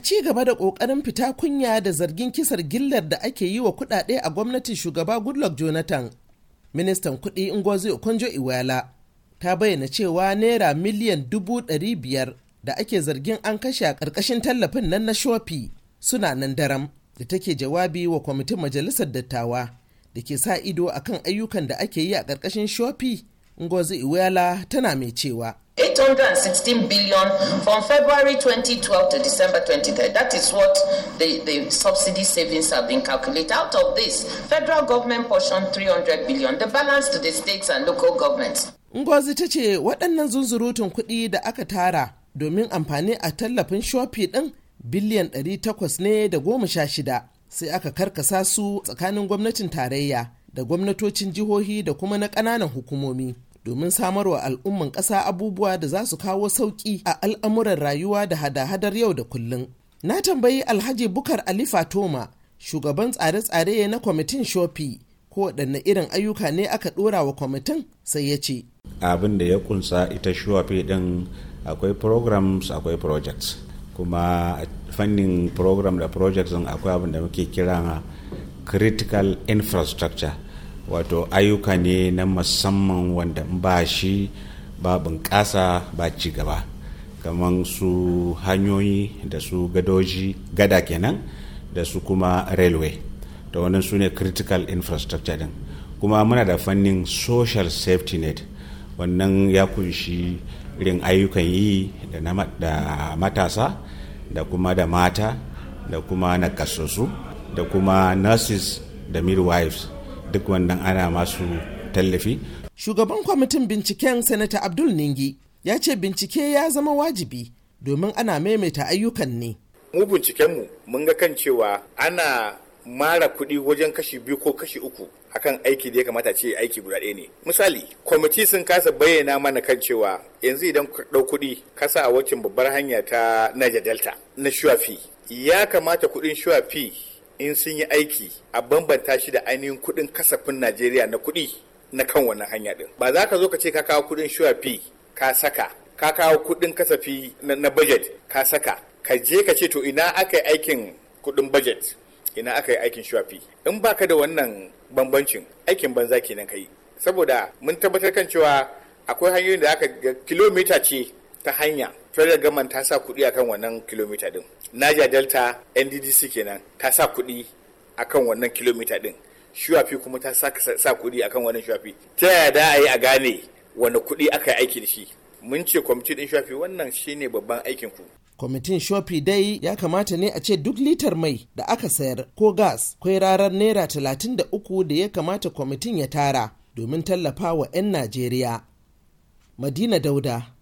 A ci gaba da ƙoƙarin fita kunya da zargin kisar gillar da ake yi wa kuɗaɗe a gwamnatin shugaba Goodluck Jonathan, ministan kuɗi Ngozi Okonjo Iweala ta bayyana cewa naira miliyan dubu ɗari biyar da ake zargin an kashe a ƙarƙashin tallafin nan na shofi suna nan daram da take jawabi wa kwamitin majalisar dattawa da ke sa ido akan ayyukan da ake yi a ƙarƙashin shofi Ngozi Iweala tana mai cewa. 816 billion from February 2012 to December 2013. That is what the, the subsidy savings have been calculated. Out of this, federal government portion 300 billion, the balance to the states and local governments. Ngozi ta ce waɗannan zunzurutun kuɗi da aka tara domin amfani a tallafin shofi ɗin biliyan 800 ne da goma sha shida sai aka karkasa su tsakanin gwamnatin tarayya da gwamnatocin jihohi da kuma na ƙananan hukumomi. domin samarwa al'umman ƙasa abubuwa da za su kawo sauƙi a al'amuran rayuwa da hada-hadar yau da kullum. Na tambayi Alhaji Bukar Ali Fatoma, shugaban tsare-tsare na kwamitin Shofi, ko waɗanne irin ayyuka ne aka ɗora wa kwamitin sai ya ce. Abin da ya kunsa ita Shofi ɗin akwai programs akwai projects. Kuma fannin program da projects akwai abin da muke kira critical infrastructure. wato ayyuka ne na musamman wanda ba shi ba bunƙasa ba ci gaba kamar su hanyoyi da su gadoji gada kenan da su kuma railway to wannan su ne critical infrastructure din kuma muna da fannin social safety net wannan ya kunshi irin ayyukan yi da matasa da kuma da mata da kuma na kasosu da kuma nurses da midwives duk wannan ana masu tallafi. Shugaban kwamitin binciken Sanata Abdul Ningi ya ce bincike ya zama wajibi domin ana maimaita ayyukan ne. Mu bincikenmu mun ga kan cewa ana mara kuɗi wajen kashi biyu ko kashi uku akan aiki da ya kamata ce aiki guda ɗaya ne misali kwamiti sun kasa bayyana mana kan cewa yanzu idan ka ɗau kuɗi kasa a wacin babbar hanya ta niger delta na shuwafi ya kamata kuɗin shuwafi in sun yi aiki a bambanta shi da ainihin kudin kasafin najeriya na kuɗi na kan wannan hanya ɗin ba za ka zo ka ce ka kawo kuɗin shuwa fi ka saka ka kawo kudin kasafi na budget ka saka ka je ka ce to ina aka yi aikin kudin budget ina aka yi aikin shuwa fi in ka da wannan bambancin aikin banza kenan ka yi saboda mun tabbatar kan cewa akwai hanyoyin da aka ga kilomita ce ta hanya federal government ta sa kuɗi akan wannan kilomita din naja delta nddc kenan ta sa kuɗi akan wannan kilomita din shuwafi kuma ta sa kuɗi akan wannan shuwafi ta yaya da a yi a gane wani kuɗi aka yi aiki da shi mun ce kwamitin din shuwafi wannan shine babban aikin ku kwamitin shofi dai ya kamata ne a ce duk litar mai da aka sayar ko gas kwai rarar naira talatin da uku da ya kamata kwamitin ya tara domin tallafa wa 'yan najeriya madina dauda